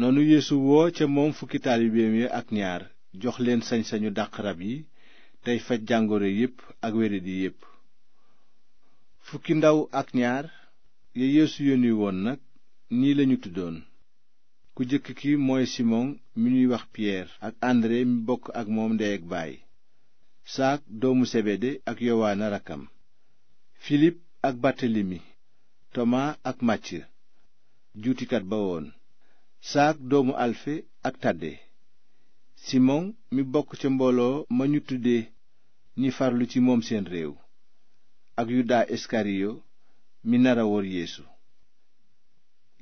noonu yéesu woo ca moom fukki taalibeem ya ak ñaar jox leen sañ-sañu dàq rab yi tey faj jàngoro yépp ak wéradi yépp fukki ndaw ak ñaar ya Yeesu yónni nag nii lañu tuddoon ku jëkk ki mooy Simon mi ñuy wax Pierre ak André mi bokk ak moom ndey ak baay saak doomu Sebede ak Yowaana rakkam Filip ak Bartelemi Tomaa ak Màcc juutikat ba woon saak doomu alfe ak tàdde simoŋ mi bokk ca mbooloo ma ñu tudde ñi farlu ci moom seen réew ak yuda iskariyo mi nara wor yeesu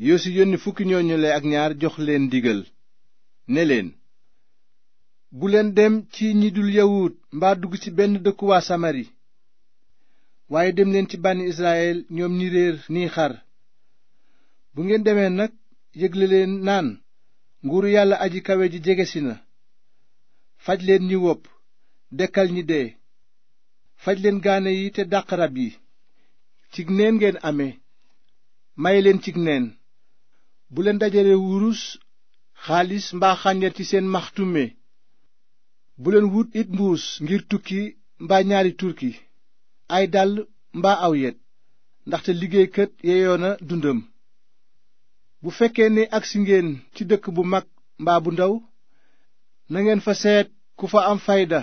yoosu yónni fukki ñooñule ak ñaar jox leen ndigal ne leen bu leen dem ci ñi dul yawut mbaa dugg ci benn dëkku waa samari waaye dem leen ci bànni israyil ñoom ñi réer nii xar bu ngeen demee nag yégle leen naan nguuru yàlla aji kawe ji jegesi na faj leen ñi wopp dekkal ñi dee faj leen gaane yi te dàq rab yi cig neen ngeen ame maye leen cig neen bu leen dajale wurus xaalis mbaa xàññeet ci seen maxtume buleen leen wut it mbuus ngir tukki mbaa ñaari turki ay dàll mbaa aw yet ndaxte liggéeykat yeyoona dundam bu fekkee ne agsi ngeen ci dëkk bu mag mbaa bu ndaw nangeen fa seet ku fa am fayda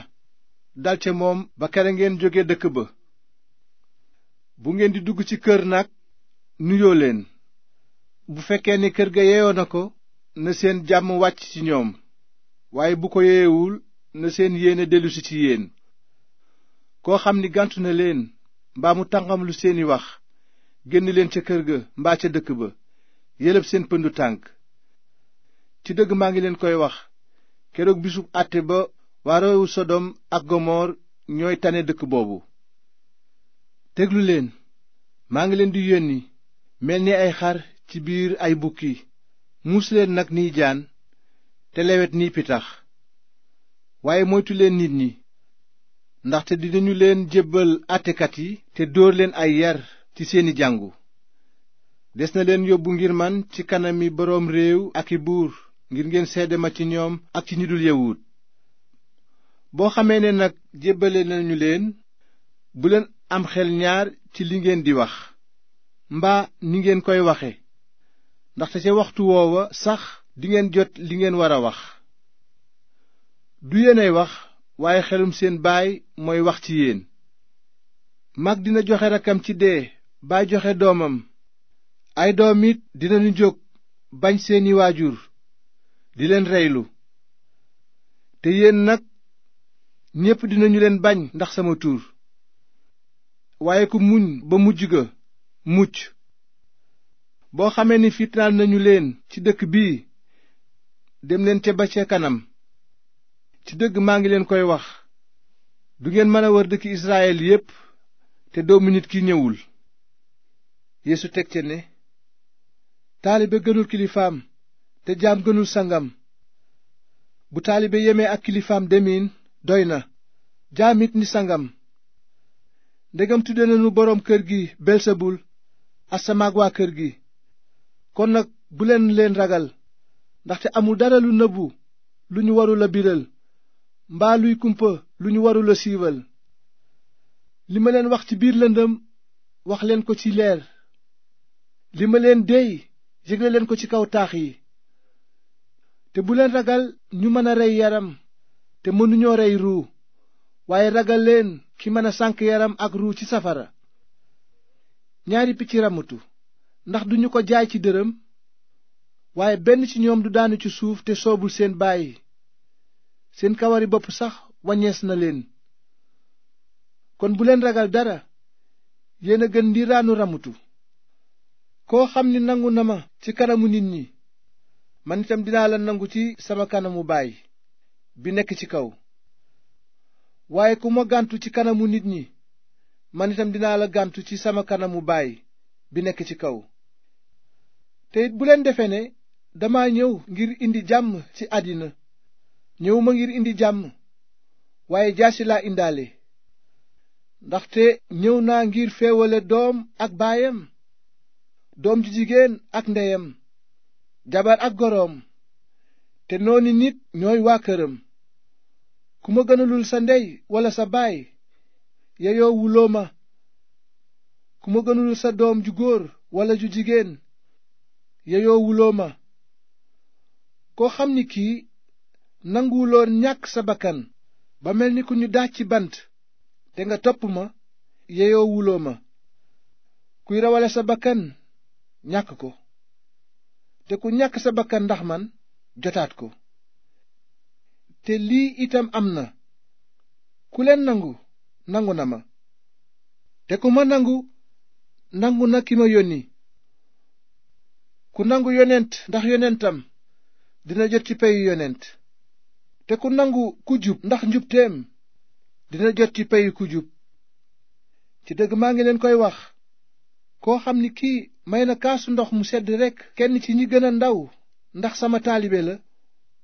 dal ca moom ba kere ngeen jóge dëkk ba bu ngeen di dugg ci kër nag nuyoo leen bu fekkee ni kër ga yeeyoo na ko na seen jàmm wàcc ci ñoom waaye bu ko yeewul na seen yéene dellusi ci yéen koo xam ni gàntu na leen mbaa mu tànqam lu seeni wax génn leen ca kër ga mbaa ca dëkk ba yëlëb seen pëndu tànk ci dëgg maa ngi leen koy wax keroog bisub àtte ba waa réewu sodom ak gomoor ñooy tane dëkk boobu déglu leen maa ngi leen di yónni mel ni ay xar ci biir ay bukki muus leen nag niy jaan te lewet niy pitax waaye moytu leen nit ñi ndaxte dinañu leen jébbal àttekat yi te dóor leen ay yar ci seeni jàngu des na leen yóbbu ngir man ci kanam yi boroom réew ak i buur ngir ngeen sedd ma ci ñoom ak ci ñi dul yawut boo xamee ne nag jébbale nañu leen bu leen am xel ñaar ci li ngeen di wax mbaa ni ngeen koy waxe ndaxte ca waxtu woowa sax dingeen jot li ngeen war a wax du yéenay wax waaye xelum seen baay mooy wax ci yéen mag dina joxe rakkam ci dee baay joxe doomam ay doom it dinañu jóg bañ seeni waajur di leen reylu te yéen nag ñépp dinañu leen bañ ndax sama tur waaye ku muñ ba mujj ga mucc boo xamee ni fitnaal nañu leen ci dëkk bii dem leen ca ba ca kanam ci dëgg maa ngi leen koy wax du ngeen mën a war dëkk israel yépp te doomu nit ki ñëwul Yeesu teg ca ne taalibe gënul kilifaam te jaam gënul sangam bu taalibe yemee ak kilifaam demiin doy na jaam it ni sangam ndegam tudde nañu boroom kër gi belsebul asamaag waa kër gi kon nag bu leen leen ragal ndaxte amul dara lu nëbbu lu ñu warul a biral mbaa luy kumpa lu ñu warula a siiwal li ma leen wax ci biir lëndëm wax leen ko ci leer li ma leen dey yégle leen ko ci kaw taax yi te bu leen ragal ñu mën a rey yaram te mënuñoo rey ruu waaye ragal leen ki mën a sànk yaram ak ruu ci safara ñaari picc ramatu ndax duñu ko jaay ci dërëm waaye benn ci ñoom du daanu ci suuf te soobul seen bàyyi seen kawari bopp sax waññees na leen kon bu leen ragal dara yéen gën di raanu ramutu koo xam ni nangu na ma ci kanamu nit ñi man dinaa la nangu ci sama kanamu baay bi nekk ci kaw waaye ku ma gàntu ci kanamu nit ñi man dinaa la gàntu ci sama kanamu baay bi nekk ci kaw te it bu leen defee ne dama ñëw ngir indi jàmm ci àddina ñëw ma ngir indi jàmm waaye jaasi laa indaale ndaxte ñëw naa ngir féewale doom ak baayam doom ju jigéen ak ndeyam jabar ak goroom te noonu nit ñooy waa këram ku ma gënalul sa ndey walla sa baay yeyoo ma ku ma gënalul sa doom ju góor walla ju jigéen yeyoo ma koo xam ni kii nanguwuloon ñàkk sa bakkan ba mel ni ku ñu daaj ci bant te nga topp ma yeyoo ma kuy rawale sa bakkan ñàkk ko te ku ñàkk sa bakkan ndax man jotaat ko te lii itam am na ku leen nangu nangu na ma te ku ma nangu nangu na ki ma yónni ku nangu yonent ndax yonentam dina jot ci peyu yonent te ku nangu ku jub ndax njubteem dina jot ci peyu ku jub ci dégg maa ngi leen koy wax koo xam ni kii may na kaasu ndox mu sedd rekk kenn ci ñi gën a ndaw ndax sama taalibe la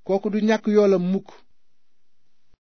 kooku du ñàkk yoolam mukk